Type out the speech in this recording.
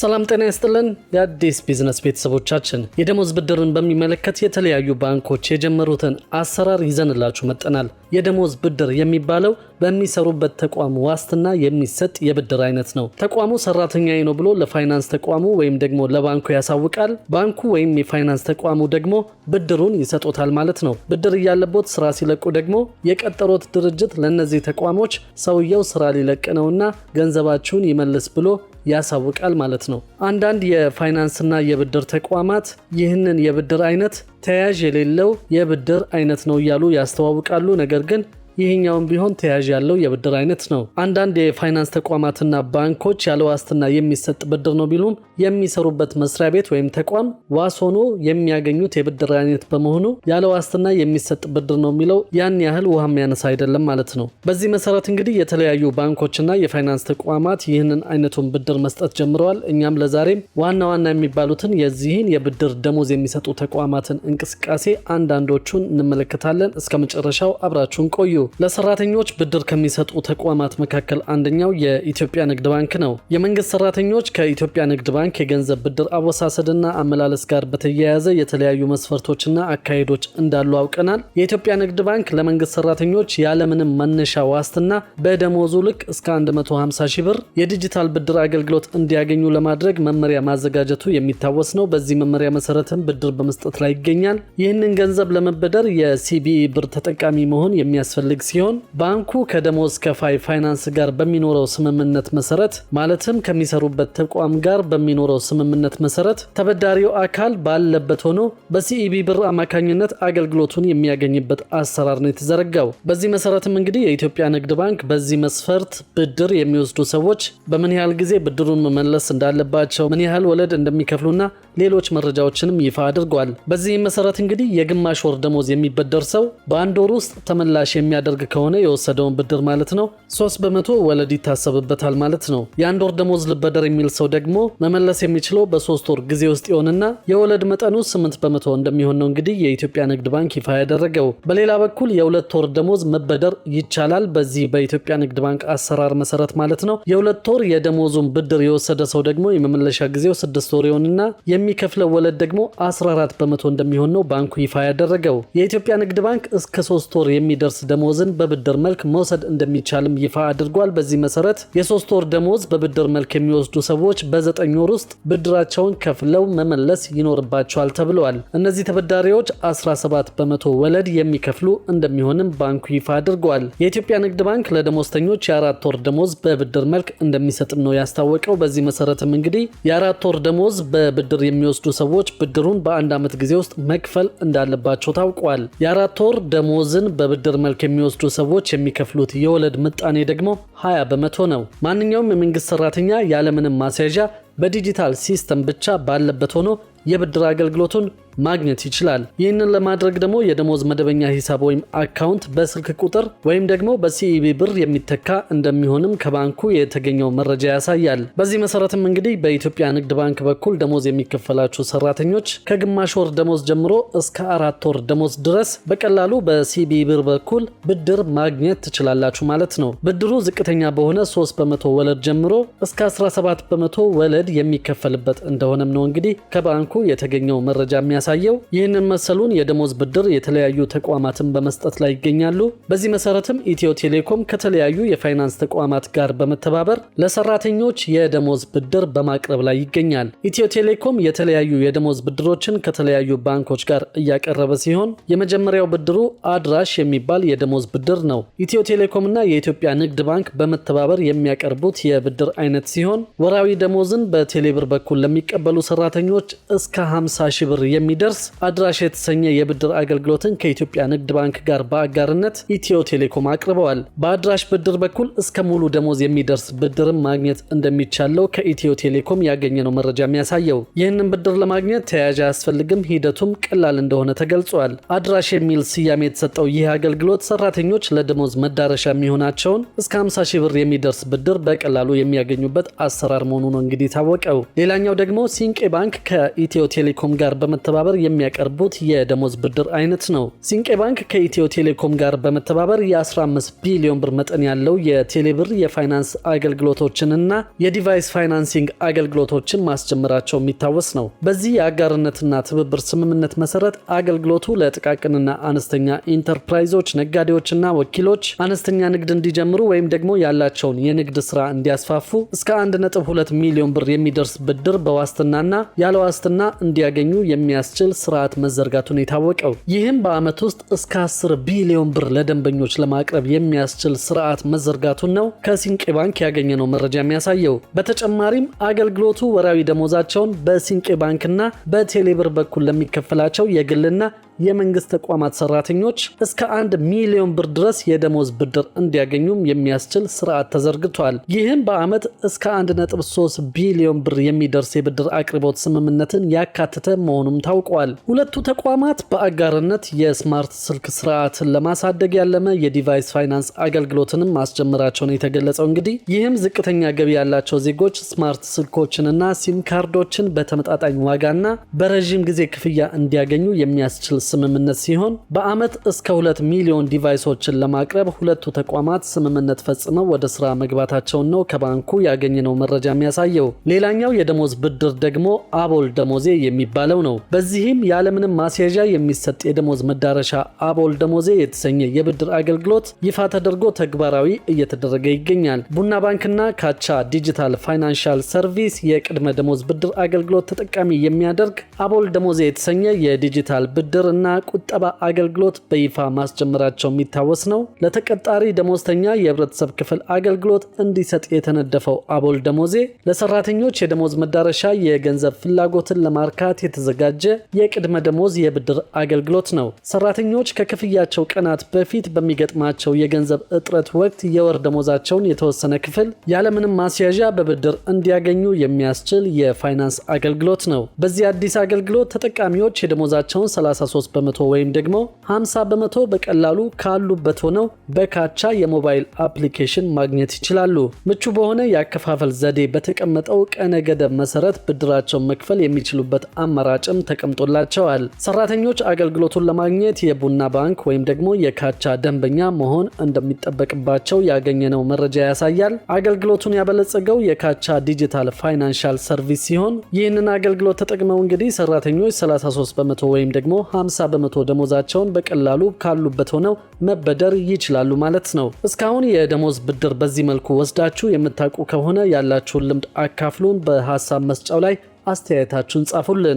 ሰላም ጤና ያስጥልን የአዲስ ቢዝነስ ቤተሰቦቻችን፣ የደሞዝ ብድርን በሚመለከት የተለያዩ ባንኮች የጀመሩትን አሰራር ይዘንላችሁ መጠናል። የደሞዝ ብድር የሚባለው በሚሰሩበት ተቋም ዋስትና የሚሰጥ የብድር አይነት ነው። ተቋሙ ሰራተኛዬ ነው ብሎ ለፋይናንስ ተቋሙ ወይም ደግሞ ለባንኩ ያሳውቃል። ባንኩ ወይም የፋይናንስ ተቋሙ ደግሞ ብድሩን ይሰጦታል ማለት ነው። ብድር እያለቦት ስራ ሲለቁ ደግሞ የቀጠሮት ድርጅት ለእነዚህ ተቋሞች ሰውየው ስራ ሊለቅ ነውና ገንዘባችሁን ይመልስ ብሎ ያሳውቃል ማለት ነው። አንዳንድ የፋይናንስና የብድር ተቋማት ይህንን የብድር አይነት ተያያዥ የሌለው የብድር አይነት ነው እያሉ ያስተዋውቃሉ። ነገር ግን ይህኛውም ቢሆን ተያዥ ያለው የብድር አይነት ነው። አንዳንድ የፋይናንስ ተቋማትና ባንኮች ያለ ዋስትና የሚሰጥ ብድር ነው ቢሉም የሚሰሩበት መስሪያ ቤት ወይም ተቋም ዋስ ሆኖ የሚያገኙት የብድር አይነት በመሆኑ ያለ ዋስትና የሚሰጥ ብድር ነው የሚለው ያን ያህል ውሃ የሚያነሳ አይደለም ማለት ነው። በዚህ መሰረት እንግዲህ የተለያዩ ባንኮችና የፋይናንስ ተቋማት ይህንን አይነቱን ብድር መስጠት ጀምረዋል። እኛም ለዛሬም ዋና ዋና የሚባሉትን የዚህን የብድር ደሞዝ የሚሰጡ ተቋማትን እንቅስቃሴ አንዳንዶቹን እንመለከታለን። እስከ መጨረሻው አብራችሁን ቆዩ። ለሰራተኞች ብድር ከሚሰጡ ተቋማት መካከል አንደኛው የኢትዮጵያ ንግድ ባንክ ነው። የመንግስት ሰራተኞች ከኢትዮጵያ ንግድ ባንክ የገንዘብ ብድር አወሳሰድና አመላለስ ጋር በተያያዘ የተለያዩ መስፈርቶችና አካሄዶች እንዳሉ አውቀናል። የኢትዮጵያ ንግድ ባንክ ለመንግስት ሰራተኞች ያለምንም መነሻ ዋስትና በደሞዙ ልክ እስከ 150 ሺህ ብር የዲጂታል ብድር አገልግሎት እንዲያገኙ ለማድረግ መመሪያ ማዘጋጀቱ የሚታወስ ነው። በዚህ መመሪያ መሰረትም ብድር በመስጠት ላይ ይገኛል። ይህንን ገንዘብ ለመበደር የሲቢኢ ብር ተጠቃሚ መሆን የሚያስፈልግ የሚፈልግ ሲሆን ባንኩ ከደሞዝ ከፋይ ፋይናንስ ጋር በሚኖረው ስምምነት መሰረት ማለትም ከሚሰሩበት ተቋም ጋር በሚኖረው ስምምነት መሰረት ተበዳሪው አካል ባለበት ሆኖ በሲኢቢ ብር አማካኝነት አገልግሎቱን የሚያገኝበት አሰራር ነው የተዘረጋው። በዚህ መሰረትም እንግዲህ የኢትዮጵያ ንግድ ባንክ በዚህ መስፈርት ብድር የሚወስዱ ሰዎች በምን ያህል ጊዜ ብድሩን መመለስ እንዳለባቸው፣ ምን ያህል ወለድ እንደሚከፍሉና ሌሎች መረጃዎችንም ይፋ አድርጓል። በዚህም መሰረት እንግዲህ የግማሽ ወር ደሞዝ የሚበደር ሰው በአንድ ወር ውስጥ ተመላሽ የሚያደ የሚያደርግ ከሆነ የወሰደውን ብድር ማለት ነው፣ 3 በመቶ ወለድ ይታሰብበታል ማለት ነው። የአንድ ወር ደሞዝ ልበደር የሚል ሰው ደግሞ መመለስ የሚችለው በሶስት ወር ጊዜ ውስጥ ይሆንና የወለድ መጠኑ 8 በመቶ እንደሚሆን ነው እንግዲህ የኢትዮጵያ ንግድ ባንክ ይፋ ያደረገው። በሌላ በኩል የሁለት ወር ደሞዝ መበደር ይቻላል በዚህ በኢትዮጵያ ንግድ ባንክ አሰራር መሰረት ማለት ነው። የሁለት ወር የደሞዙን ብድር የወሰደ ሰው ደግሞ የመመለሻ ጊዜው ስድስት ወር ይሆንና የሚከፍለው ወለድ ደግሞ 14 በመቶ እንደሚሆን ነው ባንኩ ይፋ ያደረገው። የኢትዮጵያ ንግድ ባንክ እስከ ሶስት ወር የሚደርስ ደሞ ደሞዝን በብድር መልክ መውሰድ እንደሚቻልም ይፋ አድርጓል። በዚህ መሰረት የሶስት ወር ደሞዝ በብድር መልክ የሚወስዱ ሰዎች በዘጠኝ ወር ውስጥ ብድራቸውን ከፍለው መመለስ ይኖርባቸዋል ተብለዋል። እነዚህ ተበዳሪዎች 17 በመቶ ወለድ የሚከፍሉ እንደሚሆንም ባንኩ ይፋ አድርጓል። የኢትዮጵያ ንግድ ባንክ ለደሞዝተኞች የአራት ወር ደሞዝ በብድር መልክ እንደሚሰጥም ነው ያስታወቀው። በዚህ መሰረትም እንግዲህ የአራት ወር ደሞዝ በብድር የሚወስዱ ሰዎች ብድሩን በአንድ ዓመት ጊዜ ውስጥ መክፈል እንዳለባቸው ታውቋል። የአራት ወር ደሞዝን በብድር መልክ የሚ ለሚወስዱ ሰዎች የሚከፍሉት የወለድ ምጣኔ ደግሞ 20 በመቶ ነው። ማንኛውም የመንግስት ሰራተኛ ያለምንም ማስያዣ በዲጂታል ሲስተም ብቻ ባለበት ሆኖ የብድር አገልግሎቱን ማግኘት ይችላል። ይህንን ለማድረግ ደግሞ የደሞዝ መደበኛ ሂሳብ ወይም አካውንት በስልክ ቁጥር ወይም ደግሞ በሲኢቢ ብር የሚተካ እንደሚሆንም ከባንኩ የተገኘው መረጃ ያሳያል። በዚህ መሰረትም እንግዲህ በኢትዮጵያ ንግድ ባንክ በኩል ደሞዝ የሚከፈላቸው ሰራተኞች ከግማሽ ወር ደሞዝ ጀምሮ እስከ አራት ወር ደሞዝ ድረስ በቀላሉ በሲኢቢ ብር በኩል ብድር ማግኘት ትችላላችሁ ማለት ነው። ብድሩ ዝቅተኛ በሆነ 3 በመቶ ወለድ ጀምሮ እስከ 17 በመቶ ወለድ የሚከፈልበት እንደሆነም ነው እንግዲህ ከባንኩ መልኩ የተገኘው መረጃ የሚያሳየው ይህንን መሰሉን የደሞዝ ብድር የተለያዩ ተቋማትን በመስጠት ላይ ይገኛሉ። በዚህ መሰረትም ኢትዮ ቴሌኮም ከተለያዩ የፋይናንስ ተቋማት ጋር በመተባበር ለሰራተኞች የደሞዝ ብድር በማቅረብ ላይ ይገኛል። ኢትዮ ቴሌኮም የተለያዩ የደሞዝ ብድሮችን ከተለያዩ ባንኮች ጋር እያቀረበ ሲሆን የመጀመሪያው ብድሩ አድራሽ የሚባል የደሞዝ ብድር ነው። ኢትዮ ቴሌኮምና የኢትዮጵያ ንግድ ባንክ በመተባበር የሚያቀርቡት የብድር አይነት ሲሆን ወራዊ ደሞዝን በቴሌብር በኩል ለሚቀበሉ ሰራተኞች እስከ 50 ሺህ ብር የሚደርስ አድራሽ የተሰኘ የብድር አገልግሎትን ከኢትዮጵያ ንግድ ባንክ ጋር በአጋርነት ኢትዮ ቴሌኮም አቅርበዋል። በአድራሽ ብድር በኩል እስከ ሙሉ ደሞዝ የሚደርስ ብድርም ማግኘት እንደሚቻለው ከኢትዮ ቴሌኮም ያገኘነው መረጃ የሚያሳየው። ይህንን ብድር ለማግኘት ተያያዥ አያስፈልግም፣ ሂደቱም ቀላል እንደሆነ ተገልጿል። አድራሽ የሚል ስያሜ የተሰጠው ይህ አገልግሎት ሰራተኞች ለደሞዝ መዳረሻ የሚሆናቸውን እስከ 50 ሺህ ብር የሚደርስ ብድር በቀላሉ የሚያገኙበት አሰራር መሆኑ ነው እንግዲህ ታወቀው። ሌላኛው ደግሞ ሲንቄ ባንክ ከ ከኢትዮ ቴሌኮም ጋር በመተባበር የሚያቀርቡት የደሞዝ ብድር አይነት ነው። ሲንቄ ባንክ ከኢትዮ ቴሌኮም ጋር በመተባበር የ15 ቢሊዮን ብር መጠን ያለው የቴሌብር የፋይናንስ አገልግሎቶችንና የዲቫይስ ፋይናንሲንግ አገልግሎቶችን ማስጀመራቸው የሚታወስ ነው። በዚህ የአጋርነትና ትብብር ስምምነት መሰረት አገልግሎቱ ለጥቃቅንና አነስተኛ ኢንተርፕራይዞች፣ ነጋዴዎችና ወኪሎች አነስተኛ ንግድ እንዲጀምሩ ወይም ደግሞ ያላቸውን የንግድ ስራ እንዲያስፋፉ እስከ 1.2 ሚሊዮን ብር የሚደርስ ብድር በዋስትናና ያለ ዋስትና ሕክምና እንዲያገኙ የሚያስችል ስርዓት መዘርጋቱን የታወቀው ይህም በዓመት ውስጥ እስከ 10 ቢሊዮን ብር ለደንበኞች ለማቅረብ የሚያስችል ስርዓት መዘርጋቱን ነው ከሲንቄ ባንክ ያገኘነው መረጃ የሚያሳየው። በተጨማሪም አገልግሎቱ ወራዊ ደሞዛቸውን በሲንቄ ባንክና በቴሌብር በኩል ለሚከፈላቸው የግልና የመንግስት ተቋማት ሰራተኞች እስከ አንድ ሚሊዮን ብር ድረስ የደሞዝ ብድር እንዲያገኙም የሚያስችል ስርዓት ተዘርግቷል። ይህም በዓመት እስከ 1.3 ቢሊዮን ብር የሚደርስ የብድር አቅርቦት ስምምነትን ያካተተ መሆኑም ታውቋል። ሁለቱ ተቋማት በአጋርነት የስማርት ስልክ ስርዓትን ለማሳደግ ያለመ የዲቫይስ ፋይናንስ አገልግሎትንም ማስጀመራቸው ነው የተገለጸው። እንግዲህ ይህም ዝቅተኛ ገቢ ያላቸው ዜጎች ስማርት ስልኮችንና ሲም ካርዶችን በተመጣጣኝ ዋጋና በረዥም ጊዜ ክፍያ እንዲያገኙ የሚያስችል ስምምነት ሲሆን በዓመት እስከ 2 ሚሊዮን ዲቫይሶችን ለማቅረብ ሁለቱ ተቋማት ስምምነት ፈጽመው ወደ ስራ መግባታቸውን ነው ከባንኩ ያገኘነው መረጃ የሚያሳየው። ሌላኛው የደሞዝ ብድር ደግሞ አቦል ደሞዜ የሚባለው ነው። በዚህም ያለምንም ማስያዣ የሚሰጥ የደሞዝ መዳረሻ አቦል ደሞዜ የተሰኘ የብድር አገልግሎት ይፋ ተደርጎ ተግባራዊ እየተደረገ ይገኛል። ቡና ባንክና ካቻ ዲጂታል ፋይናንሻል ሰርቪስ የቅድመ ደሞዝ ብድር አገልግሎት ተጠቃሚ የሚያደርግ አቦል ደሞዜ የተሰኘ የዲጂታል ብድር የብድርና ቁጠባ አገልግሎት በይፋ ማስጀመራቸው የሚታወስ ነው። ለተቀጣሪ ደሞዝተኛ የህብረተሰብ ክፍል አገልግሎት እንዲሰጥ የተነደፈው አቦል ደሞዜ ለሰራተኞች የደሞዝ መዳረሻ የገንዘብ ፍላጎትን ለማርካት የተዘጋጀ የቅድመ ደሞዝ የብድር አገልግሎት ነው። ሰራተኞች ከክፍያቸው ቀናት በፊት በሚገጥማቸው የገንዘብ እጥረት ወቅት የወር ደሞዛቸውን የተወሰነ ክፍል ያለምንም ማስያዣ በብድር እንዲያገኙ የሚያስችል የፋይናንስ አገልግሎት ነው። በዚህ አዲስ አገልግሎት ተጠቃሚዎች የደሞዛቸውን 33 13 በመቶ ወይም ደግሞ 50 በመቶ በቀላሉ ካሉበት ሆነው በካቻ የሞባይል አፕሊኬሽን ማግኘት ይችላሉ። ምቹ በሆነ የአከፋፈል ዘዴ በተቀመጠው ቀነ ገደብ መሰረት ብድራቸውን መክፈል የሚችሉበት አማራጭም ተቀምጦላቸዋል። ሰራተኞች አገልግሎቱን ለማግኘት የቡና ባንክ ወይም ደግሞ የካቻ ደንበኛ መሆን እንደሚጠበቅባቸው ያገኘነው መረጃ ያሳያል። አገልግሎቱን ያበለጸገው የካቻ ዲጂታል ፋይናንሻል ሰርቪስ ሲሆን ይህንን አገልግሎት ተጠቅመው እንግዲህ ሰራተኞች 33 በመቶ ወይም ደግሞ 50 በመቶ ደሞዛቸውን በቀላሉ ካሉበት ሆነው መበደር ይችላሉ ማለት ነው። እስካሁን የደሞዝ ብድር በዚህ መልኩ ወስዳችሁ የምታውቁ ከሆነ ያላችሁን ልምድ አካፍሉን። በሀሳብ መስጫው ላይ አስተያየታችሁን ጻፉልን።